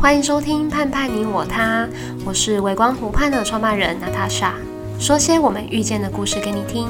歡迎收聽《盼盼你我他》，我是微光湖盼的創辦人娜塔莎，說些我們遇見的故事給你聽。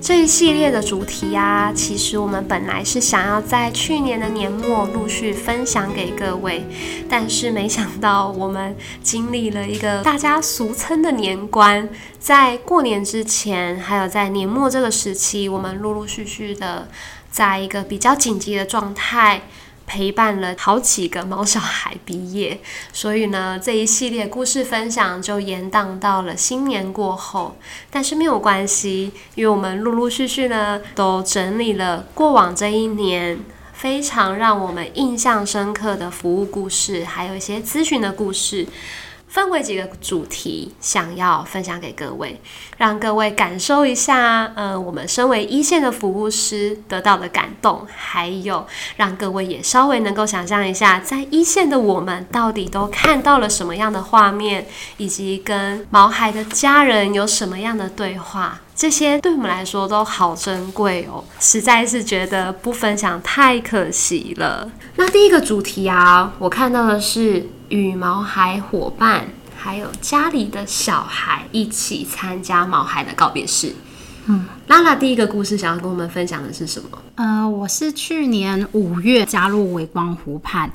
這一系列的主題啊，其實我們本來是想要在去年的年末陸續分享給各位，但是沒想到我們經歷了一個大家俗稱的年關，在過年之前，還有在年末這個時期，我們陸陸續續的，在一個比較緊急的狀態。陪伴了好幾個毛小孩畢業，所以呢，這一系列故事分享就延宕到了新年過後。但是沒有關係，因為我們陸陸續續呢，都整理了過往這一年非常讓我們印象深刻的服務故事，還有一些諮詢的故事。分為幾個主題，想要分享給各位，讓各位感受一下，嗯、呃，我們身為一線的服務師得到的感動，還有讓各位也稍微能夠想象一下，在一線的我們到底都看到了什麼樣的畫面，以及跟毛孩的家人有什麼樣的對話，這些對我們來說都好珍貴哦，實在是覺得不分享太可惜了。那第一個主題啊，我看到的是，與毛孩夥伴，還有家裡的小孩一起參加毛孩的告別式。嗯，娜娜第一個故事想要跟我們分享的是什麼？呃，我是去年五月加入微光湖畔，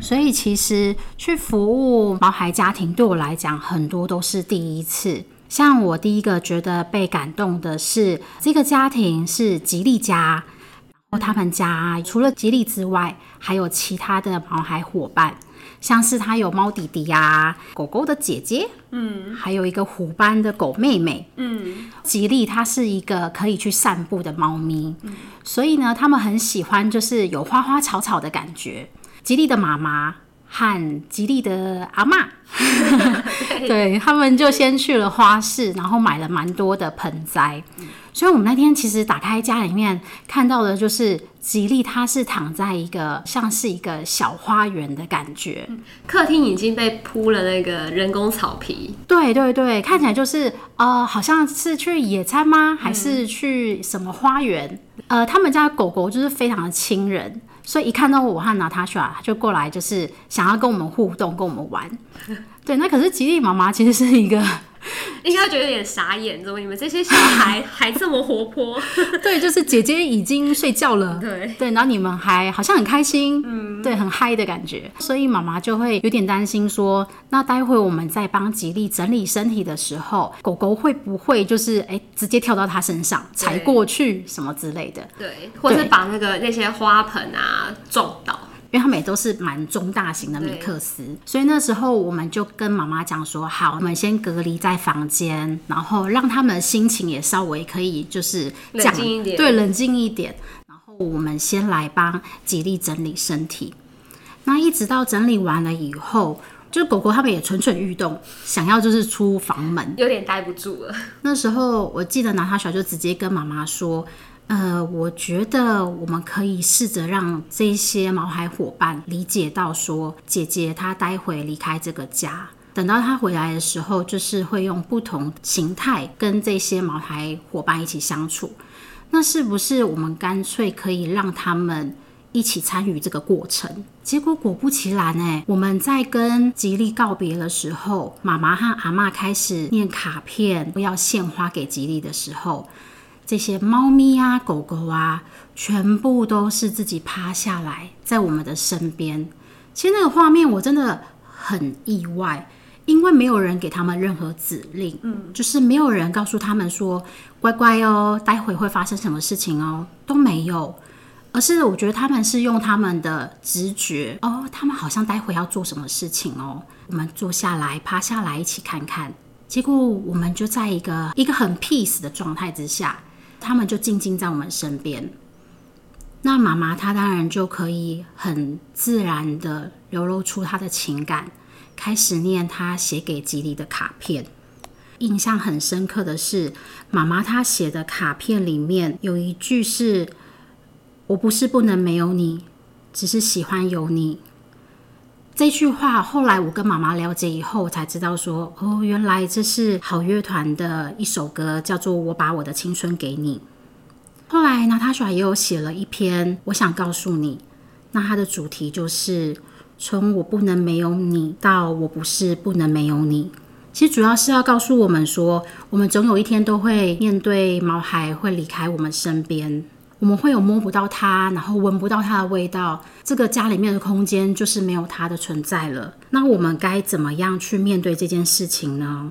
所以其實去服務毛孩家庭對我來講很多都是第一次。像我第一個覺得被感動的是這個家庭是吉利家，然後他們家除了吉利之外，還有其他的毛孩夥伴。像是它有貓弟弟呀、啊，狗狗的姐姐，嗯，還有一個虎斑的狗妹妹，嗯，吉利它是一個可以去散步的貓咪，嗯、所以呢，他們很喜歡就是有花花草草的感覺。吉利的媽媽和吉利的阿嬤， 對，對他們就先去了花市，然後買了蠻多的盆栽。嗯、所以我們那天其實打開家裡面看到的就是。吉利它是躺在一個像是一個小花園的感覺，客廳已經被鋪了那個人工草皮。嗯、對對對，看起來就是呃，好像是去野餐嗎？還是去什麼花園？呃，他們家的狗狗就是非常的親人，所以一看到我和 Natasha 就過來，就是想要跟我們互動，跟我們玩。對，那可是吉利媽媽其實是一個。 應該覺得有點傻眼，怎麼你們這些小孩還， 還這麼活潑？ 對，就是姐姐已經睡覺了，對對，然後你們還好像很開心，嗯，對，很嗨的感覺，所以媽媽就會有點擔心說，說那待會我們在幫吉利整理身體的時候，狗狗會不會就是哎、欸、直接跳到他身上踩對過去什麼之類的？對，或是把那個那些花盆啊撞倒。因為他們也都是蠻中大型的米克斯，對所以那時候我們就跟媽媽講說，好，我們先隔離在房間，然後讓他們心情也稍微可以就是冷靜一點，對，冷靜一點。然後我們先來幫吉利整理身體。那一直到整理完了以後，就是狗狗他們也蠢蠢欲動，想要就是出房門，有點待不住了。那時候我記得那他小孩就直接跟媽媽說。呃，我覺得我們可以試着讓這些毛孩夥伴理解到說，說姐姐她待會離開這個家，等到她回來的時候，就是會用不同形態跟這些毛孩夥伴一起相處。那是不是我們乾脆可以讓他們一起參與這個過程？結果果不其然，欸，誒，我們在跟吉利告別的時候，媽媽和阿嬤開始念卡片，不要獻花給吉利的時候。這些貓咪啊、狗狗啊，全部都是自己趴下來在我們的身邊。其實那個畫面，我真的很意外，因為沒有人給他們任何指令，嗯，就是沒有人告訴他們說“乖乖哦，待會會發生什麼事情哦”，都沒有。而是我覺得他們是用他們的直覺，哦，他們好像待會要做什麼事情哦，我們坐下來、趴下來一起看看。結果我們就在一個一個很 peace 的狀態之下。他們就靜靜在我們身邊。那媽媽她當然就可以很自然的流露出她的情感，開始念她寫給吉利的卡片。印象很深刻的是，媽媽她寫的卡片裡面有一句是：“我不是不能沒有你，只是喜歡有你。”這句話後來我跟媽媽了解以後才知道說，說哦，原來這是好樂團的一首歌，叫做《我把我的青春給你》。後來 Natasha 也有寫了一篇《我想告訴你》，那它的主題就是從“我不能沒有你”到“我不是不能沒有你”。其實主要是要告訴我們說，我們總有一天都會面對毛孩會離開我們身邊。我們會有摸不到它，然後聞不到它的味道，這個家裡面的空間就是沒有它的存在了。那我們該怎麼樣去面對這件事情呢？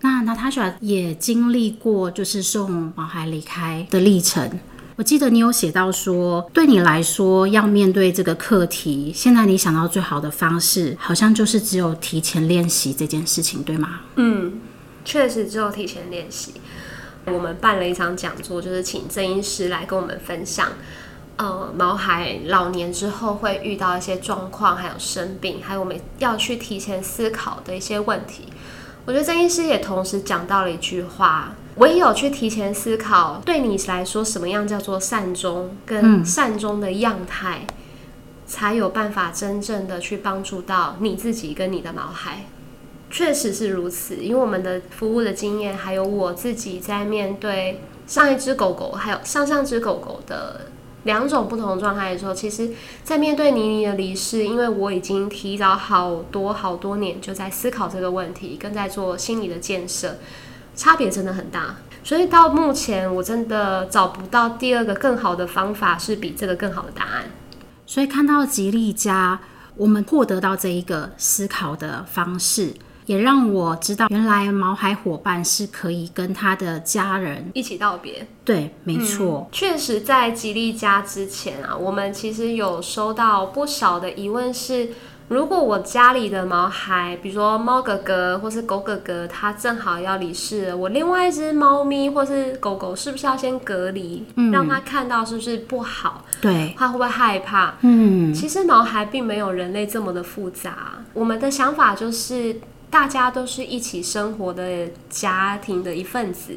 那 Natasha 也經歷過，就是送毛孩離開的歷程。我記得你有寫到說，對你來說要面對這個課題，現在你想到最好的方式，好像就是只有提前練習這件事情，對嗎？嗯，確實只有提前練習。我們辦了一場講座，就是請鄭醫師來跟我們分享，呃，毛孩老年之後會遇到一些狀況，還有生病，還有我們要去提前思考的一些問題。我覺得鄭醫師也同時講到了一句話：唯有去提前思考，對你來說，什麼樣叫做善終，跟善終的樣態，嗯、才有辦法真正的去幫助到你自己跟你的毛孩。確實是如此，因為我們的服務的經驗，還有我自己在面對上一隻狗狗，還有上上隻狗狗的兩種不同的狀態的時候，其實，在面對妮妮的離世，因為我已經提早好多好多年就在思考這個問題，跟在做心理的建設，差別真的很大。所以到目前，我真的找不到第二個更好的方法，是比這個更好的答案。所以看到吉利家，我們獲得到這一個思考的方式。也讓我知道，原來毛孩夥伴是可以跟他的家人一起道別。對，沒錯，嗯、確實，在吉利家之前啊，我們其實有收到不少的疑問是：如果我家裡的毛孩，比如說貓哥哥或是狗哥哥，他正好要離世了，我另外一隻貓咪或是狗狗是不是要先隔離？嗯、讓他看到是不是不好？對，他會不會害怕？嗯，其實毛孩並沒有人類這麼的複雜。我們的想法就是。大家都是一起生活的家庭的一份子，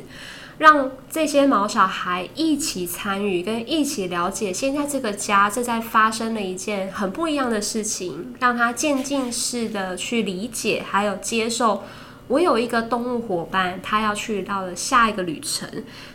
讓這些毛小孩一起參與跟一起了解，現在這個家正在發生的一件很不一樣的事情，讓他漸進式的去理解還有接受。我有一個動物夥伴，他要去到了下一個旅程，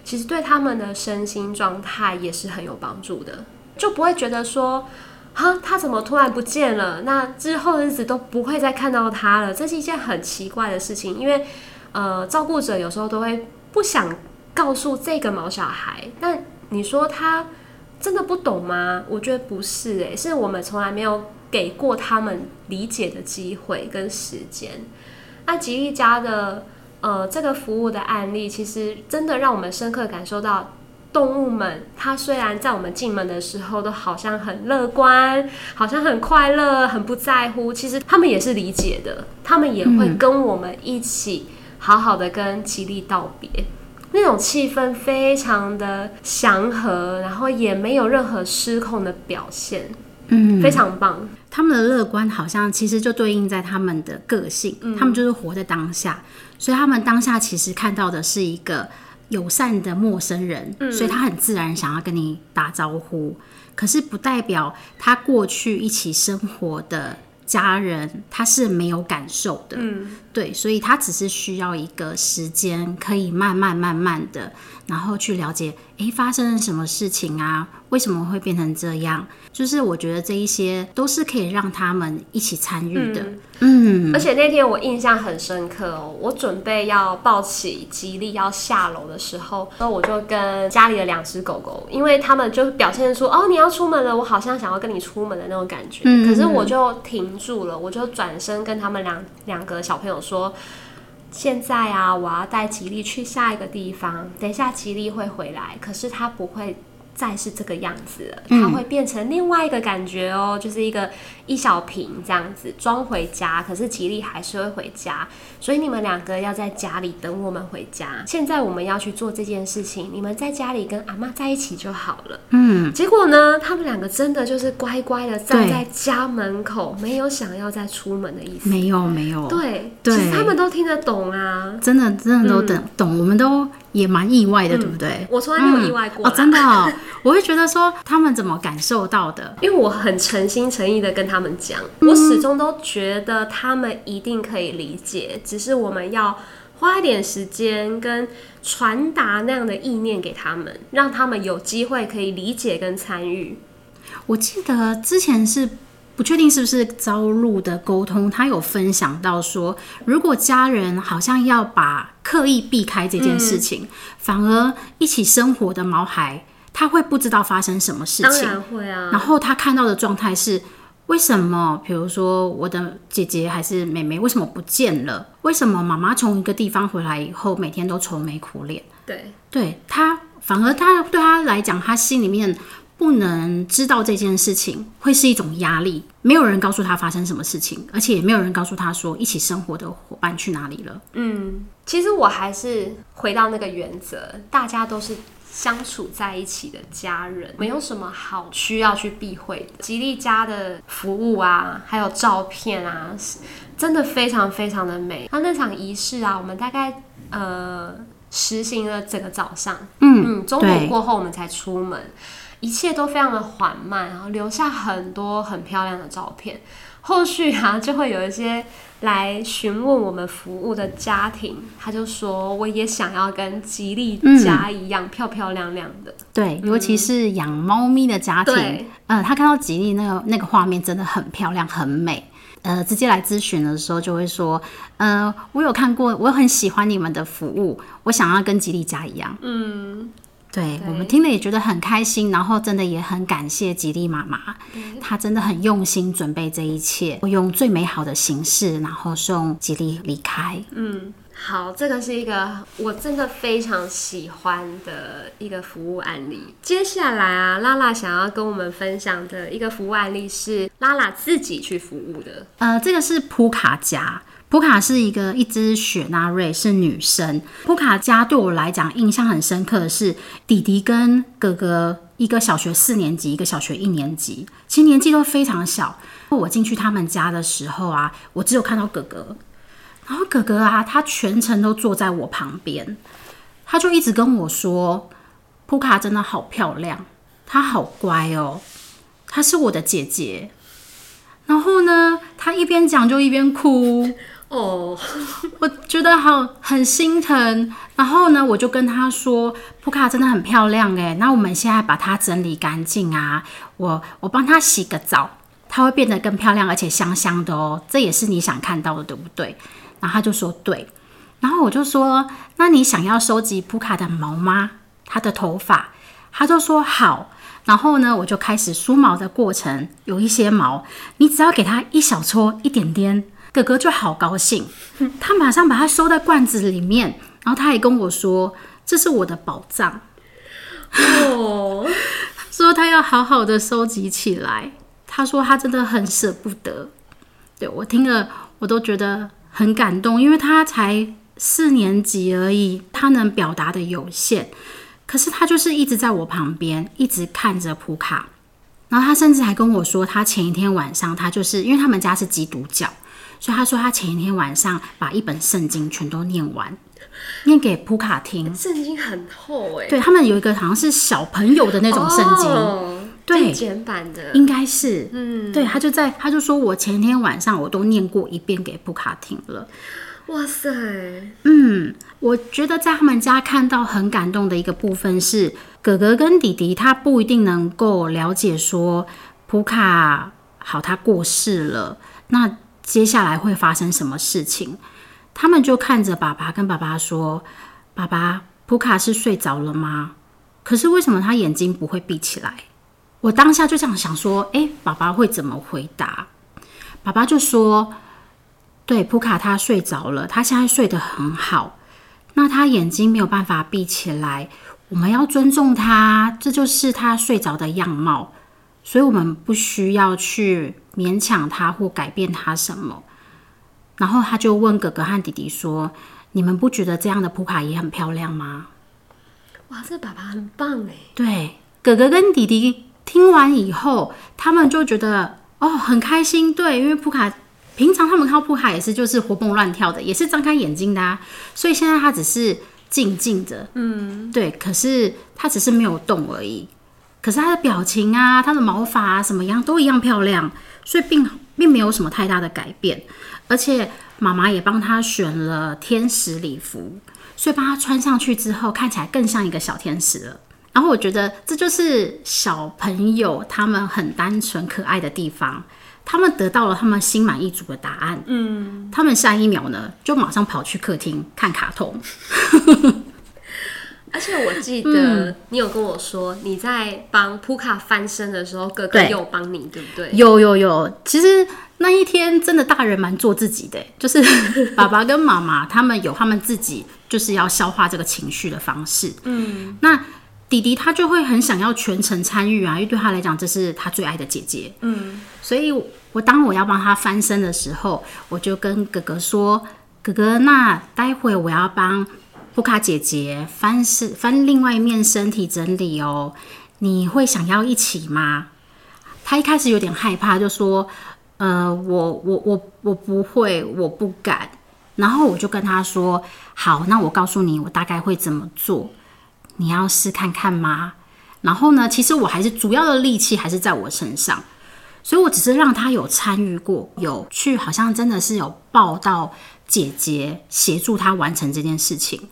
其實對他們的身心狀態也是很有幫助的，就不會覺得說。哈，他怎麼突然不見了？那之後的日子都不會再看到他了，這是一件很奇怪的事情。因為，呃，照顧者有時候都會不想告訴這個毛小孩。那你說他真的不懂嗎？我覺得不是、欸，誒，是我們從來沒有給過他們理解的機會跟時間。那吉利家的呃這個服務的案例，其實真的讓我們深刻感受到。動物們，他雖然在我們進門的時候都好像很樂觀，好像很快樂，很不在乎。其實他們也是理解的，他們也會跟我們一起好好的跟吉利道別。嗯、那種氣氛非常的祥和，然後也沒有任何失控的表現，嗯，非常棒。他們的樂觀好像其實就對應在他們的個性，嗯、他們就是活在當下，所以他們當下其實看到的是一個，友善的陌生人，所以他很自然想要跟你打招呼。嗯、可是不代表他過去一起生活的家人他是沒有感受的，嗯、對，所以他只是需要一個時間，可以慢慢慢慢的，然後去了解。誒、欸，發生了什麼事情啊？為什麼會變成這樣？就是我覺得這一些都是可以讓他們一起參與的。嗯，嗯，而且那天我印象很深刻哦。我準備要抱起吉利要下樓的時候，那我就跟家裡的兩隻狗狗，因為他們就表現出哦，你要出門了，我好像想要跟你出門的那種感覺。嗯，可是我就停住了，我就轉身跟他們兩兩個小朋友說。現在啊，我要帶吉利去下一個地方。等一下，吉利會回來，可是他不會再是這個樣子了，它會變成另外一個感覺哦、喔，嗯、就是一個一小瓶這樣子裝回家，可是吉利還是會回家，所以你們兩個要在家裡等我們回家。現在我們要去做這件事情，你們在家裡跟阿媽在一起就好了。嗯，結果呢，他們兩個真的就是乖乖的站在家門口，對，沒有想要再出門的意思。沒有，沒有。對，對，其實他們都聽得懂啊，真的，真的都懂、嗯、懂，我們都。也蠻意外的，嗯、對不對？我從來沒有意外過、嗯哦。真的、哦， 我會覺得說他們怎麼感受到的？因為我很誠心誠意的跟他們講，我始終都覺得他們一定可以理解，嗯、只是我們要花一點時間跟傳達那樣的意念給他們，讓他們有機會可以理解跟參與。我記得之前是。不確定是不是招錄的溝通，他有分享到說，如果家人好像要把刻意避開這件事情，嗯、反而一起生活的毛孩，他會不知道發生什麼事情。當然會啊。然後他看到的狀態是，為什麼？比如說我的姐姐還是妹妹，為什麼不見了？為什麼媽媽從一個地方回來以後，每天都愁眉苦臉？對，對他，反而他對他來講，他心裡面。不能知道這件事情會是一種壓力。沒有人告訴他發生什麼事情，而且也沒有人告訴他說一起生活的夥伴去哪裡了。嗯，其實我還是回到那個原則，大家都是相處在一起的家人，沒有什麼好需要去避諱的。吉利家的服務啊，還有照片啊，真的非常非常的美。那、啊、那場儀式啊，我們大概呃實行了整個早上，嗯嗯，中午過後我們才出門。一切都非常的緩慢，然後留下很多很漂亮的照片。後續啊，就會有一些來詢問我們服務的家庭，他就說：“我也想要跟吉利家一樣漂漂亮亮的。”嗯，對，尤其是養貓咪的家庭，嗯，呃，他看到吉利那個那個畫面真的很漂亮、很美。呃，直接來諮詢的時候就會說：“嗯，呃，我有看過，我很喜歡你們的服務，我想要跟吉利家一樣。”嗯。對,對我們聽了也覺得很開心，然後真的也很感謝吉利媽媽，她真的很用心準備這一切，用最美好的形式，然後送吉利離開。嗯。好，這個是一個我真的非常喜歡的一個服務案例。接下來啊，拉拉想要跟我們分享的一個服務案例是拉拉自己去服務的。呃，這個是普卡家，普卡是一個一隻雪納瑞，是女生。普卡家對我來講印象很深刻的是，弟弟跟哥哥一個小學四年級，一個小學一年級，其實年紀都非常小。我進去他們家的時候啊，我只有看到哥哥。然後哥哥啊，他全程都坐在我旁邊，他就一直跟我說：“普卡真的好漂亮，她好乖哦，她是我的姐姐。”然後呢，他一邊講就一邊哭哦，oh. 我覺得好很心疼。然後呢，我就跟他說：“普卡真的很漂亮欸，那我們現在把它整理乾淨啊，我我幫她洗個澡，她會變得更漂亮，而且香香的哦，這也是你想看到的，對不對？”然後他就說對，然後我就說，那你想要收集普卡的毛嗎？他的頭髮？他就說好。然後呢，我就開始梳毛的過程。有一些毛，你只要給他一小撮，一點點，哥哥就好高興。嗯、他馬上把它收在罐子裡面，然後他還跟我說，這是我的寶藏哦， 說他要好好的收集起來。他說他真的很捨不得。對，我聽了，我都覺得很感動，因為他才四年級而已，他能表達的有限，可是他就是一直在我旁邊，一直看着普卡，然後他甚至還跟我說，他前一天晚上，他就是因為他們家是基督教，所以他說他前一天晚上把一本聖經全都念完，念給普卡聽。聖經很厚誒、欸，對，他們有一個好像是小朋友的那種聖經。哦對，簡版的應該是，嗯，對他就在他就說，我前天晚上我都念過一遍給普卡聽了。哇塞，嗯，我覺得在他們家看到很感動的一個部分是哥哥跟弟弟，他不一定能夠了解說，普卡好他過世了，那接下來會發生什麼事情？他們就看着爸爸跟爸爸說：“爸爸，普卡是睡着了嗎？可是為什麼他眼睛不會閉起來？”我當下就這樣想說，欸，爸爸會怎麼回答？爸爸就說：“對，普卡他睡着了，他現在睡得很好，那他眼睛沒有辦法閉起來，我們要尊重他，這就是他睡着的樣貌，所以我們不需要去勉強他或改變他什麼。”然後他就問哥哥和弟弟說：“你們不覺得這樣的普卡也很漂亮嗎？”哇，這個爸爸很棒誒！對，哥哥跟弟弟。聽完以後，他們就覺得哦，很開心，對，因為普卡平常他們看到普卡也是就是活蹦亂跳的，也是張開眼睛的啊，所以現在他只是靜靜的，嗯，對，可是他只是沒有動而已，可是他的表情啊，他的毛髮啊，什麼樣都一樣漂亮，所以並並沒有什麼太大的改變，而且媽媽也幫他選了天使禮服，所以幫他穿上去之後，看起來更像一個小天使了。然後我覺得這就是小朋友他們很單純可愛的地方，他們得到了他們心滿意足的答案。嗯，他們下一秒呢，就馬上跑去客廳看卡通。 而且我記得你有跟我說，嗯、你在幫撲卡翻身的時候，哥哥又幫你，對，對不對？有有有，其實那一天真的大人蠻做自己的，就是 爸爸跟媽媽他們有他們自己就是要消化這個情緒的方式。嗯，那。弟弟他就會很想要全程參與啊，因為對他來講，這是他最愛的姐姐。嗯，所以我，我當我要幫他翻身的時候，我就跟哥哥說：“哥哥，那待會我要幫布卡姐姐翻身，翻另外一面身體整理哦，你會想要一起嗎？”他一開始有點害怕，就說：“呃，我、我、我、我不會，我不敢。”然後我就跟他說：“好，那我告訴你，我大概會怎麼做。”你要試看看嗎？然後呢，其實我還是主要的力氣還是在我身上，所以我只是讓他有參與過，有去好像真的是有抱到姐姐，協助他完成這件事情。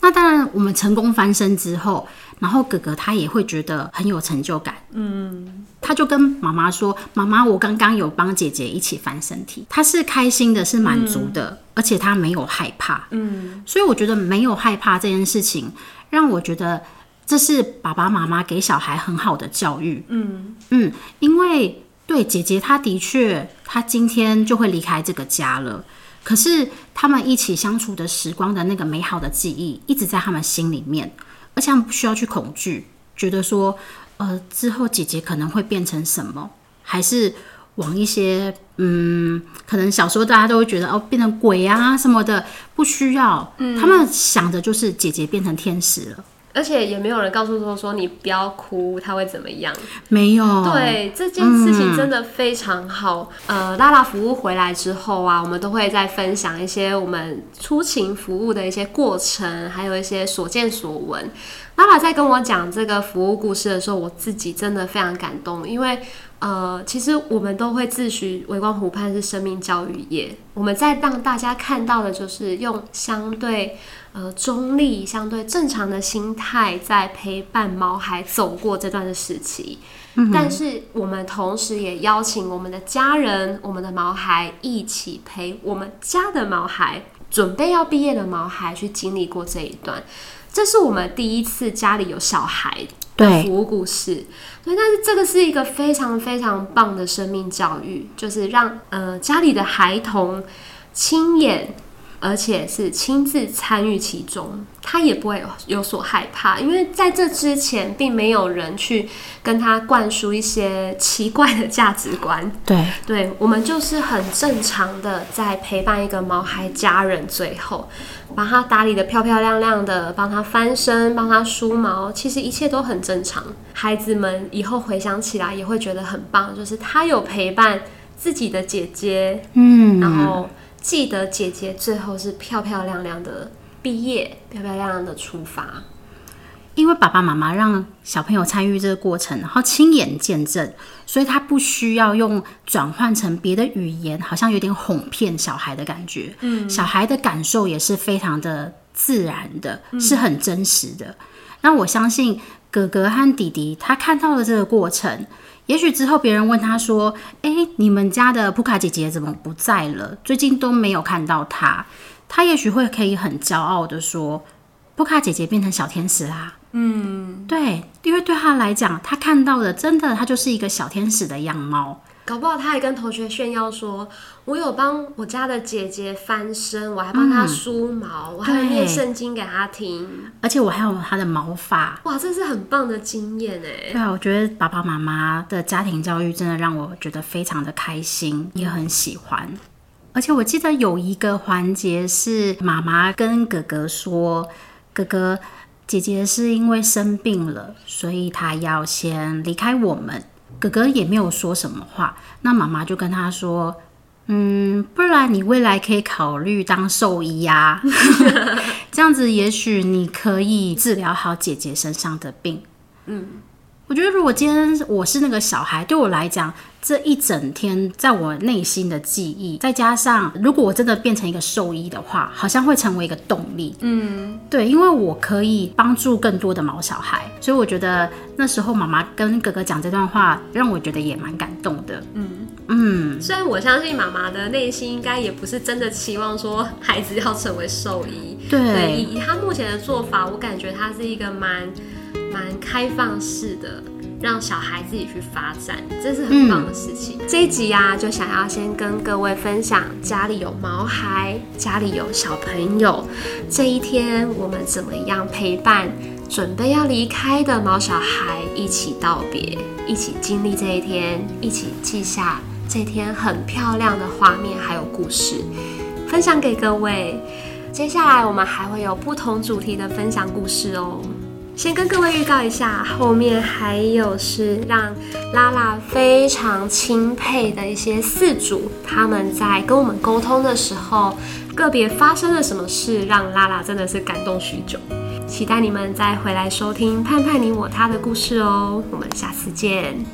那當然，我們成功翻身之後，然後哥哥他也會覺得很有成就感。嗯，他就跟媽媽說：“媽媽，我剛剛有幫姐姐一起翻身體，他是開心的，是滿足的，嗯，而且他沒有害怕。”嗯，所以我覺得沒有害怕這件事情。讓我覺得這是爸爸媽媽給小孩很好的教育。嗯嗯，因為對姐姐，她的確，她今天就會離開這個家了。可是他們一起相處的時光的那個美好的記憶，一直在他們心裡面，而且他們不需要去恐懼，覺得說，呃，之後姐姐可能會變成什麼，還是往一些。嗯，可能小時候大家都會覺得哦，變成鬼啊什麼的，不需要。嗯，他們想的就是姐姐變成天使了，而且也沒有人告訴說，說你不要哭，他會怎麼樣？沒有。對這件事情真的非常好。嗯、呃，拉拉服務回來之後啊，我們都會再分享一些我們出勤服務的一些過程，還有一些所見所聞。拉拉在跟我講這個服務故事的時候，我自己真的非常感動，因為。呃，其實我們都會自詡“微光湖盼”是生命教育業。我們在讓大家看到的，就是用相對呃中立、相對正常的心態，在陪伴毛孩走過這段的時期。嗯、哼但是我們同時也邀請我們的家人、我們的毛孩一起陪我們家的毛孩，準備要畢業的毛孩去經歷過這一段。這是我們第一次家裡有小孩。服務故事，所以對,對，但是這個是一個非常非常棒的生命教育，就是讓呃家裡的孩童親眼。而且是親自參與其中，他也不會有，有所害怕，因為在這之前並沒有人去跟他灌輸一些奇怪的價值觀。對，對我們就是很正常的在陪伴一個毛孩家人，最後把他打理得漂漂亮亮的，幫他翻身，幫他梳毛，其實一切都很正常。孩子們以後回想起來也會覺得很棒，就是他有陪伴自己的姐姐，嗯，然後。記得姐姐最後是漂漂亮亮的畢業，漂漂亮亮的出發，因為爸爸媽媽讓小朋友參與這個過程，然後親眼見證，所以他不需要用轉換成別的語言，好像有點哄騙小孩的感覺。嗯，小孩的感受也是非常的自然的，是很真實的。嗯，那我相信哥哥和弟弟他看到了這個過程。也許之後別人問他說：“哎、欸，你們家的普卡姐姐怎麼不在了？最近都沒有看到她。”他也許會可以很驕傲的說：“普卡姐姐變成小天使啦、啊。”嗯，對，因為對他來講，他看到的真的，他就是一個小天使的樣貌。搞不好他還跟同學炫耀說：“我有幫我家的姐姐翻身，我還幫她梳毛，嗯、我還念聖經給她聽。而且我還有她的毛髮，哇，這是很棒的經驗哎、欸！對啊，我覺得爸爸媽媽的家庭教育真的讓我覺得非常的開心，也很喜歡。而且我記得有一個環節是媽媽跟哥哥說：哥哥，姐姐是因為生病了，所以她要先離開我們。”哥哥也沒有說什麼話，那媽媽就跟他說：“嗯，不然你未來可以考慮當獸醫啊， 這樣子也許你可以治療好姐姐身上的病。”嗯。我覺得如果今天我是那個小孩，對我來講，這一整天在我內心的記憶，再加上如果我真的變成一個獸醫的話，好像會成為一個動力。嗯，對，因為我可以幫助更多的毛小孩，所以我覺得那時候媽媽跟哥哥講這段話，讓我覺得也蠻感動的。嗯嗯，雖然、嗯、我相信媽媽的內心應該也不是真的期望說孩子要成為獸醫。對，所以以他目前的做法，我感覺他是一個蠻。蠻開放式的，讓小孩自己去發展，這是很棒的事情。嗯。這一集啊，就想要先跟各位分享：家裡有毛孩，家裡有小朋友，這一天我們怎麼樣陪伴準備要離開的毛小孩，一起道別，一起經歷這一天，一起記下這一天很漂亮的畫面，還有故事，分享給各位。接下來我們還會有不同主題的分享故事哦。先跟各位預告一下，後面還有是讓拉拉非常欽佩的一些飼主，他們在跟我們溝通的時候，個別發生了什麼事，讓拉拉真的是感動許久。期待你們再回來收聽盼盼你我他的故事哦，我們下次見。